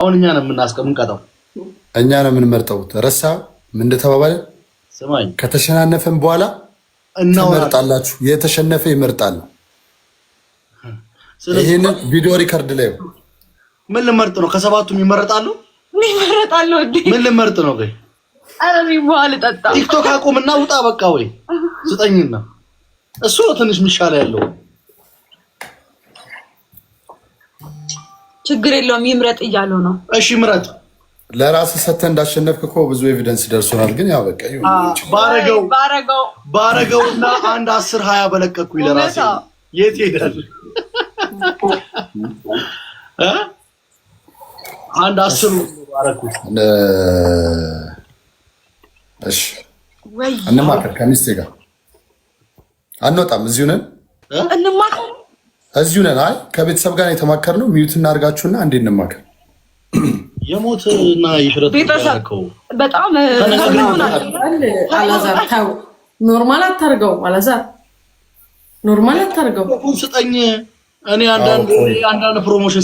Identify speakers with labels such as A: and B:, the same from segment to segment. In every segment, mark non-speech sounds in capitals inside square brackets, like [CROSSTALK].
A: አሁን እኛ ነው የምናስቀምንቀጠው
B: እኛ ነው የምንመርጠው። ረሳ ምን እንደተባባለ ስማኝ። ከተሸናነፈን በኋላ እናወጣላችሁ። የተሸነፈ ይመርጣል። ይህንን ቪዲዮ ሪከርድ ላይ
A: ምን ልመርጥ ነው? ከሰባቱም ይመረጣሉ።
C: ይመረጣሉ።
A: ምን ልመርጥ ነው? ቆይ ቲክቶክ አቁምና ውጣ። በቃ ወይ ስጠኝና እሱ ነው ትንሽ ሚሻላ ያለው
C: ችግር የለውም ይምረጥ እያሉ ነው።
A: እሺ ምረጥ።
B: ለራስ ሰተ እንዳሸነፍክ እኮ ብዙ ኤቪደንስ ደርሶናል። ግን ያው በቃ
A: ባረገው ባረገው እና አንድ አስር ሀያ በለቀኩ ለራሴ የት ሄዳል? አንድ አስሩ ባረኩት።
B: እሺ እንማከር ከሚስቴ ጋር አንወጣም፣ እዚሁ ነን እንማከር እዚሁ ነን። አይ ከቤተሰብ ጋር ነው። ሚዩት እናድርጋችሁና እንዴ እንማከር።
A: የሞትና የሽረት
C: በጣም አላዛር ተው፣ ኖርማል አታርገው። አላዛር ኖርማል አታርገው።
A: ስጠኝ እኔ አንዳንድ ፕሮሞሽን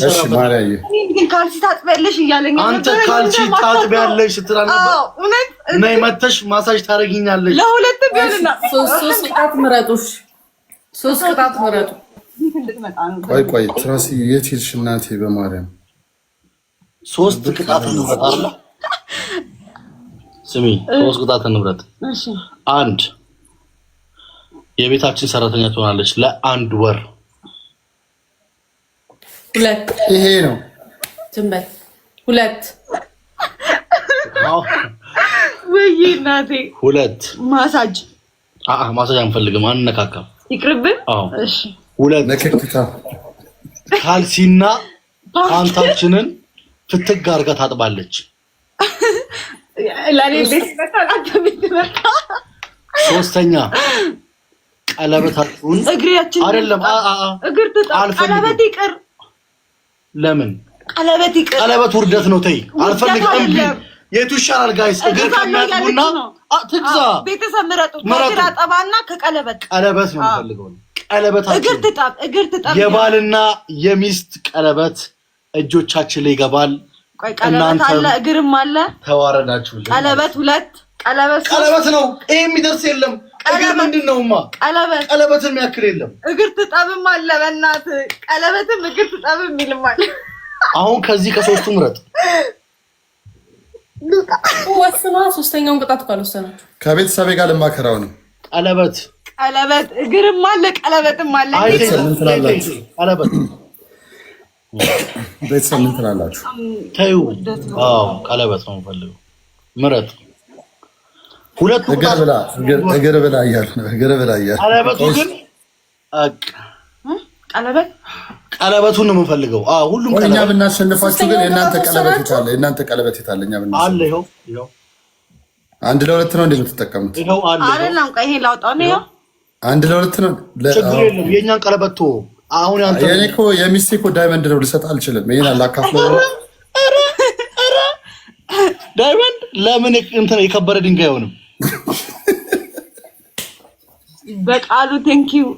C: ግን ካልሲ ታጥቢያለሽ እያለኝ
A: አንተ ካልሲ ታጥቢያለሽ ስትላለእውነት ነይ መተሽ ማሳጅ ታደርጊኛለሽ።
C: ለሁለት ቢሆንና ሶስት ቅጣት ምረጡ፣ ሶስት ቅጣት ምረጡ።
B: ቆይ ቆይ ትራስ የት ሄድሽ እናቴ? በማርያም
A: ሶስት ቅጣት ንብረት አለ። ስሚ ሶስት ቅጣት ንብረት፣ አንድ የቤታችን ሰራተኛ ትሆናለች ለአንድ ወር።
C: ሁለት ይሄ ነው ትንበት። ሁለት ወይ እናቴ፣ ሁለት ማሳጅ።
A: አአ ማሳጅ አንፈልግም፣ አንነካካም። ይቅርብን። እሺ ሁለት ካልሲና ፓንታችንን ፍትግ አርጋ ታጥባለች። ሶስተኛ ቀለበታችሁን አይደለም፣ እግር ቀለበት ይቅር። ለምን
C: ቀለበት ይቅር?
A: ቀለበት ውርደት ነው። ተይ አልፈልግም። እምቢ። የቱ ይሻላል ጋይስ? እግር
C: ከሚያጥቡና ትግዛ ቤተሰብ ምረጡ። ከግራ ጠባና ከቀለበት
A: ቀለበት ነው የምፈልገው ቀለበታችን የባልና የሚስት ቀለበት እጆቻችን ላይ ይገባል።
C: ቀለበት አለ፣ እግርም አለ።
A: ተዋረዳችሁ።
C: ቀለበት ሁለት ቀለበት
A: ቀለበት ነው። ይሄ የሚደርስ የለም። እግር ምንድን ነውማ? ቀለበት ቀለበትን የሚያክል የለም።
C: እግር ትጠብም አለ። በእናት ቀለበትም እግር ትጠብ የሚልም አለ።
A: አሁን ከዚህ ከሶስቱ ምረጥ።
C: ወስና ሶስተኛውን ቅጣት ካልወሰናችሁ
B: ከቤተሰቤ ጋር ልማከራው ነው
A: ቀለበት
C: ቀለበት እግርም አለ፣ ቀለበትም አለ።
A: ቀለበት
B: ቤተሰብ ምን ትላላችሁ?
A: ቀለበት ነው ምረጥ። ሁለት
B: እግር ብላ እግር ብላ እግር ብላ
A: ቀለበቱ ግን ቀለበት ቀለበቱን ነው የምንፈልገው።
B: ሁሉም እኛ ብናሸንፋችሁ ግን የእናንተ ቀለበት የታለ? የእናንተ ቀለበት የታለ? እኛ አለ። አንድ ለሁለት ነው እንደምትጠቀሙት።
C: አይደለም ይሄ ላውጣው ነው
B: አንድ ለሁለት ነው።
A: ችግር የለም። የእኛን ቀለበቶ አሁን
B: የኔ እኮ የሚስቴ እኮ ዳይመንድ ነው፣ ልሰጥ አልችልም። ይሄን አላካፍለ
A: ዳይመንድ ለምን እንትን የከበረ ድንጋይ አይሆንም።
C: በቃሉ ቴንኪው።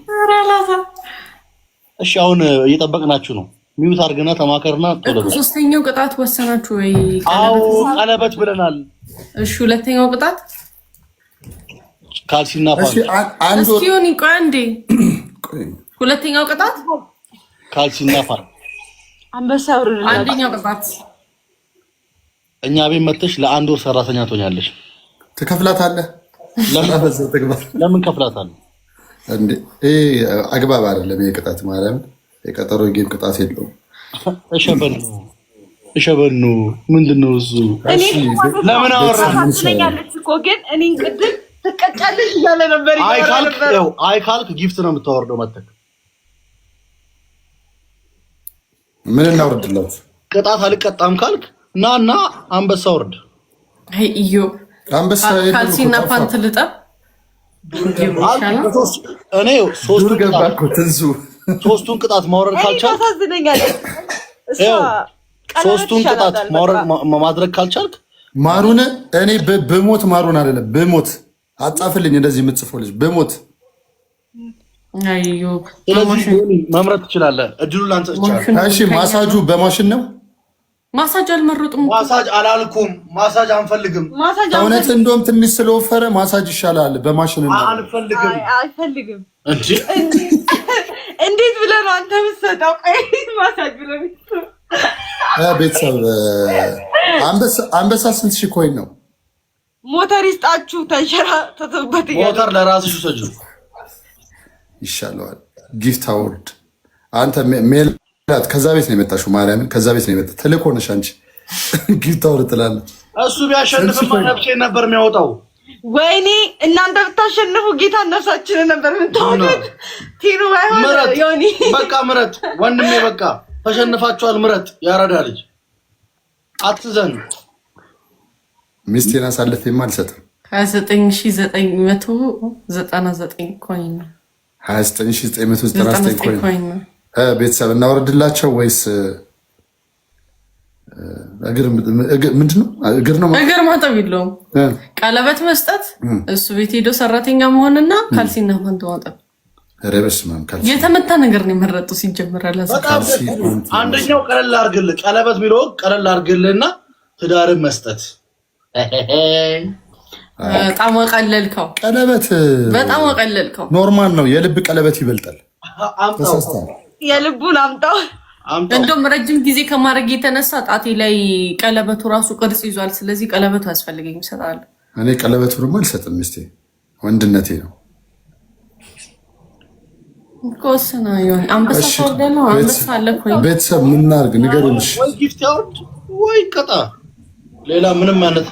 A: እሺ አሁን እየጠበቅናችሁ ነው። ሚዩት አድርገና ተማከርና
C: ሶስተኛው ቅጣት ወሰናችሁ ወይ?
A: አዎ ቀለበት ብለናል።
C: እሺ ሁለተኛው ቅጣት ካልሲና ፋንስኪሁን ቆይ አንዴ። ሁለተኛው ቅጣት
A: ካልሲና ፋን
C: አንበሳ ውርድ። አንደኛው ቅጣት
A: እኛ ቤት መጥተሽ ለአንድ ወር ሰራተኛ ትሆኛለሽ።
B: ትከፍላታለህ።
A: ለምን ከፍላታለህ?
B: እንዴ አግባብ አይደለም። የቅጣት ማርያም የቀጠሮ ጌም ቅጣት የለውም።
A: እሸበኑ እሸበኑ ምንድን ነው እሱ? ለምን
C: አወራለች እኮ ግን እኔን ቅድም ትቀጫለሽ እያለ
A: ነበር። አይ ካልክ ጊፍት ነው የምታወርደው። መተክ
B: ምን እናውርድለት?
A: ቅጣት አልቀጣም ካልክ ና እና አንበሳ
C: እዩ አንበሳ ካልሲና ፓንት ልጠብ።
A: እኔ
B: ሶስቱን ቅጣት ማውረድ ካልቻልክ
A: ሶስቱን ቅጣት ማድረግ ካልቻልክ
B: ማሩን እኔ በሞት ማሩን አይደለም በሞት አጻፍልኝ እንደዚህ የምትጽፈው ልጅ በሞት
A: መምረጥ ትችላለህ። እድሉ ላንተ
B: ይቻላል። እሺ ማሳጁ በማሽን ነው።
C: ማሳጅ አልመረጡም።
A: ማሳጅ አላልኩም። ማሳጅ አንፈልግም።
B: እውነት እንደውም ትንሽ ስለወፈረ ማሳጅ ይሻላል። በማሽን
A: አልፈልግም፣
C: አልፈልግም። እንዴት ብለህ ነው አንተ የምትሰጠው? ማሳጅ ብለህ
B: ቤተሰብ አንበሳ ስንት ሺህ ኮይን ነው?
C: ሞተር ይስጣችሁ። ተንሸራተቱበት።
A: ሞተር ለራስሽ ውሰጁ
B: ይሻለዋል። ጊፍት አውርድ አንተ ሜላት ከዛ ቤት ነው የመጣሽው። ማርያምን ከዛ ቤት ነው የመጣ ትልቅ ሆነሽ አንቺ [LAUGHS] ጊፍት አውርድ ትላለች።
A: እሱ ቢያሸንፍማ ነፍሴ ነበር የሚያወጣው።
C: ወይኔ እናንተ ብታሸንፉ ጌታ ነፍሳችንን ነበር የምታወጡት። ቲኑ ባይሆን
A: ዮኒ በቃ ምረት ወንድሜ፣ በቃ ተሸንፋችኋል። ምረት ያረዳ ልጅ አትዘን
B: ሚስቴን አሳልፌማ አልሰጥም።
C: ሀያ ኮይን ነው።
B: ቤተሰብ እናወርድላቸው ወይስ ምንድን ነው? እግር
C: ማጠብ የለውም። ቀለበት መስጠት፣ እሱ ቤት ሄዶ ሰራተኛ መሆንና ካልሲና ፓንት ማጠብ። የተመታ ነገር ነው የመረጡ ሲጀምር ያለ
A: አንደኛው ቀለል አድርግልህ ቀለበት ቢለው ቀለል አርግልና ትዳርን መስጠት
C: በጣም ወቀለልከው። ቀለበት በጣም ወቀለልከው።
B: ኖርማል ነው። የልብ ቀለበት ይበልጣል።
C: የልቡን አምጣው። እንደውም ረጅም ጊዜ ከማድረግ የተነሳ ጣቴ ላይ ቀለበቱ ራሱ ቅርጽ ይዟል። ስለዚህ ቀለበቱ ያስፈልገኝ ይሰጣል።
B: እኔ ቀለበቱንማ አልሰጥም። ሚስቴ ወንድነቴ ነው። ቤተሰብ ምናርግ ንገሩልሽ
A: ወይ ቅጣ ሌላ ምንም አይነት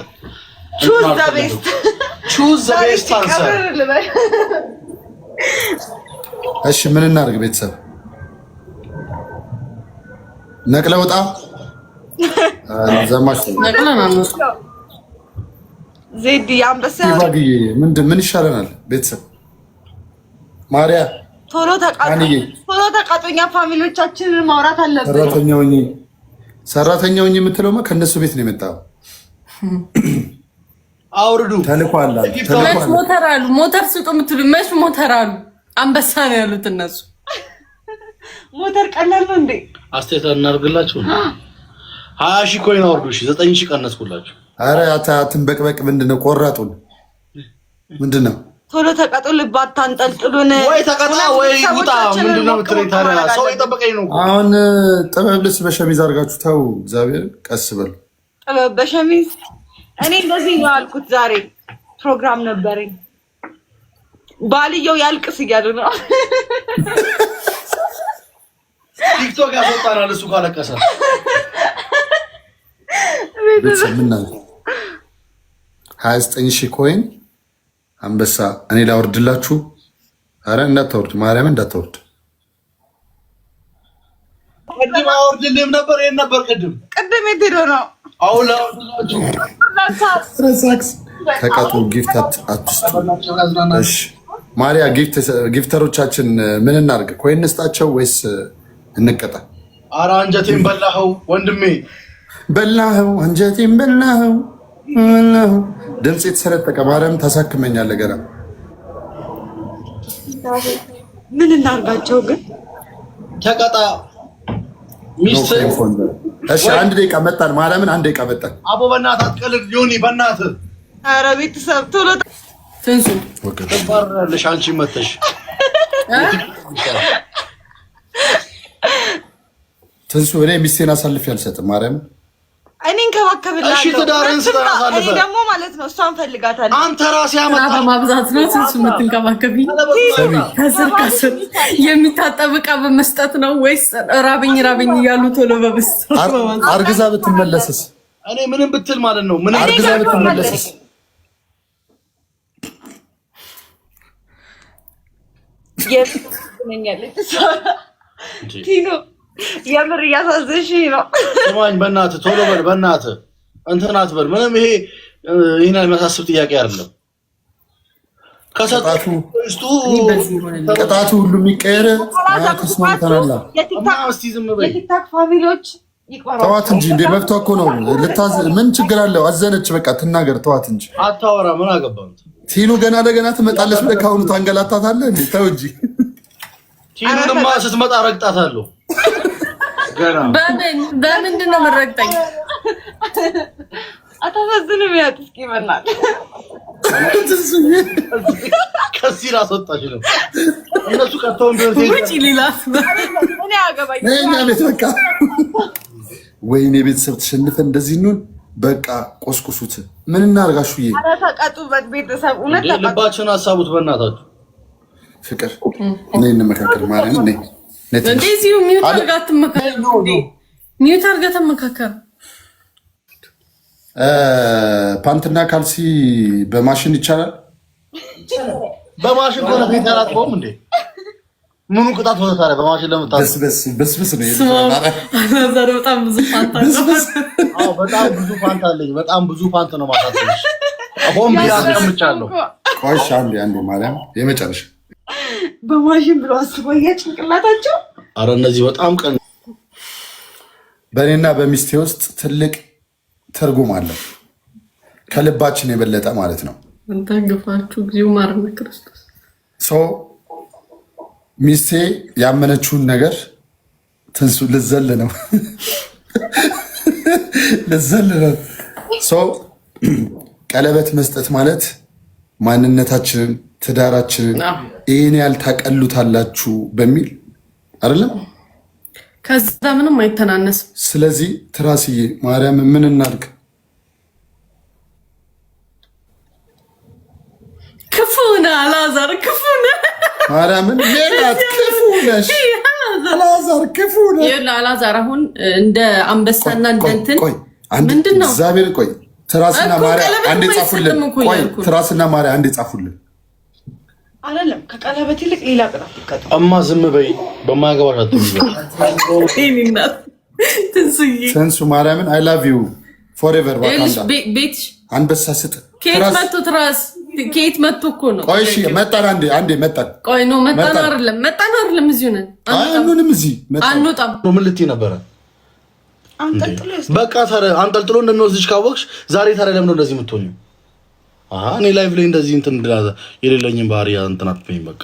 B: እሺ ምን እናድርግ? ቤተሰብ ነቅለ ወጣ ዘማች
C: ዜድ አንበሳ
B: ምን ይሻለናል? ቤተሰብ ማሪያ
C: ቶሎ ተቃጡኛ። ፋሚሊዎቻችንን ማውራት አለብን።
B: ሰራተኛው ሰራተኛው የምትለውማ ከእነሱ ቤት ነው የመጣው። አውርዱ። ተልኳላመች
C: ሞተር አሉ ሞተር ስጡ የምትሉ መች ሞተር አሉ። አንበሳ ነው ያሉት እነሱ። ሞተር ቀላል ነው እንዴ?
A: አስተያየት እናደርግላችሁ። ሀያ ሺህ ኮይን አውርዱ። እሺ ዘጠኝ ሺህ ቀነስኩላችሁ።
B: አረ አታትን በቅበቅ ምንድን ነው? ቆረጡን ምንድን ነው?
C: ቶሎ ተቀጡ። ልብ አታንጠልጥሉን።
A: ወይ ተቀጣ ወይ ውጣ። ምንድን ነው የምትለኝ ታዲያ? ሰው የጠበቀኝ ነው።
B: አሁን ጥበብ ልብስ በሸሚዝ አድርጋችሁ ተው። እግዚአብሔር ቀስ በሉ።
C: ጥበብ በሸሚዝ እኔ እንደዚህ ነው ያልኩት። ዛሬ ፕሮግራም ነበረኝ። ባልየው ያልቅስ እያሉ ነው።
A: ቲክቶክ ያስወጣናል እሱ ካለቀሰ።
B: ሀያ ዘጠኝ ሺህ ኮይን አንበሳ እኔ ላወርድላችሁ። አረ እንዳታወርድ፣ ማርያም እንዳታወርድ።
A: ቅድም አወርድልም ነበር ይህን ነበር ቅድም
C: ቅድም የት ሄዶ ነው
B: ተቀጡ። ጊፍት አትስጡ። ማሪያ ጊፍተሮቻችን ምን እናድርግ? ኮይን እንስጣቸው ወይስ እንቀጣ?
A: ኧረ አንጀቴን በላኸው ወንድሜ፣
B: በላኸው አንጀቴን በላኸው። ድምፅ የተሰረጠቀ ማርያም ታሳክመኛለ። ገና።
C: ምን እናርጋቸው ግን?
A: ተቀጣ
B: ሚስት እሺ አንድ ደቂቃ መጣን። ማርያምን አንድ ደቂቃ መጣን።
A: አቦ በእናትህ አትቀልድ። ዮኒ በእናትህ
C: ኧረ ቤተሰብ ቶሎ ትንሱ
A: ትባረራለሽ። አንቺ መተሽ
B: ትንሱ እኔ ሚስቴን አሳልፌ አልሰጥም ማርያምን
C: እንከባከብልሽ። ትዳርህን ስታሳልፈ እኔ ደግሞ ማለት ነው እሷን ፈልጋታለሁ። አንተ ራስህ ያመጣህ በማብዛት ነው ስንሱ የምትንከባከብኝ። ከስር ከስር የሚታጠብ እቃ በመስጠት ነው ወይስ ራብኝ ራብኝ እያሉ ቶሎ በመስጠት?
B: አርግዛ ብትመለስስ?
A: እኔ ምንም ብትል ማለት ነው ምንም
B: አርግዛ ብትመለስስ?
C: ቲኖ የምር እያሳዘሽ ነው።
A: ስማኝ በእናትህ ቶሎ በል በእናትህ እንትን አትበል። ምንም ይሄ ይህን የሚያሳስብ ጥያቄ አይደለም።
B: ቅጣቱ ሁሉ የሚቀየር ተስማምተናል።
C: የቲክታክ ፋሚሊዎች
B: ተዋት እንጂ እንደ መብቷ እኮ ነው። ምን ችግር አለው? አዘነች በቃ ትናገር። ተዋት እንጂ
A: አታወራ። ምን አገባም።
B: ቲኑ ገና ለገና ትመጣለች ብለህ ከአሁኑ ታንገላታታለህ። ተው እንጂ
A: ቲኑንማ ስትመጣ ረግጣታለሁ። በምን
C: በምንድን ነው የምትረግጠኝ? አታሳዝንም። ያት እስኪ ይመናል
A: ከዚህ ላስወጣሽ ነው እነሱ ቀጥተው
C: ውጭ ሌላት
B: እኛ ቤት በቃ ወይኔ ቤተሰብ ተሸንፈ እንደዚህ ኑን በቃ ቆስቁሱት። ምን እናርጋችሁ? ይ
C: ተቀጡበት ቤተሰብ
A: ልባችን ሀሳቡት በእናታችሁ
B: ፍቅር እኔ እንመካከል ማለት
C: እንደዚሁ ሚዩት አድርጋ አትመካከር፣ አድርጋ
B: ፓንትና ካልሲ በማሽን ይቻላል።
A: በማሽን ከሆነ ቤት አላጥበውም እንዴ? ምኑ ቅጣት ሆነ ታዲያ? በማሽን ነው።
C: በጣም ብዙ ፓንት
A: አለኝ። በጣም ብዙ ፓንት ነው ሆን ቆይ
B: አንዴ አንዴ፣ ማርያም የመጨረሻ
C: በማሽን ብሎ አስበው ጭንቅላታቸው።
A: አረ እነዚህ በጣም ቀን
B: በእኔና በሚስቴ ውስጥ ትልቅ ትርጉም አለው። ከልባችን የበለጠ ማለት ነው።
C: እንታገፋችሁ ጊዜው ማረነ ክርስቶስ
B: ሰው ሚስቴ ያመነችውን ነገር ትንሱ ልዘል ነው [LAUGHS] ልዘል ነው ሰው ቀለበት መስጠት ማለት ማንነታችንን ትዳራችንን ይህን ያህል ታቀሉታላችሁ በሚል አይደለም።
C: ከዛ ምንም አይተናነስም።
B: ስለዚህ ትራስዬ ማርያም ምን እናድርግ?
C: ክፉ ነህ አልዓዛር፣ ክፉ ነህ
B: ማርያምን ሌላት፣ ክፉ ነሽ አላዛር፣ ክፉ
C: ነህ አላዛር። አሁን እንደ አንበሳና
B: እንደንትን ምንድን ነው? እግዚአብሔር ቆይ፣ ትራስና ማርያም አንዴ ጻፉልን። ቆይ ትራስና ማርያም አንዴ ጻፉልን።
C: አይደለም ከቀለበት ይልቅ ሌላ
A: ቅጣት እማ ዝም በይ፣ በማያገባሽ
B: ማርያምን አይ ላቭ ዩ ፎሬቨር። አንበሳ ስጥ።
C: ከየት ትራስ ከየት እኮ ነው።
B: ቆይ እሺ፣ መጣን። አንዴ አንዴ መጣን።
C: ቆይ ነው መጣን። አይደለም መጣን፣ አይደለም እዚሁ
B: ነን። እዚህ
C: አንወጣም።
A: ምን ልትይ ነበረ? በቃ ታዲያ አንጠልጥሎ እንደሚወስድሽ ካወቅሽ ዛሬ ታዲያ ለምን እንደዚህ የምትሆኚው? እኔ ላይፍ ላይ እንደዚህ እንትን የሌለኝም ባህሪ እንትን አትመኝ በቃ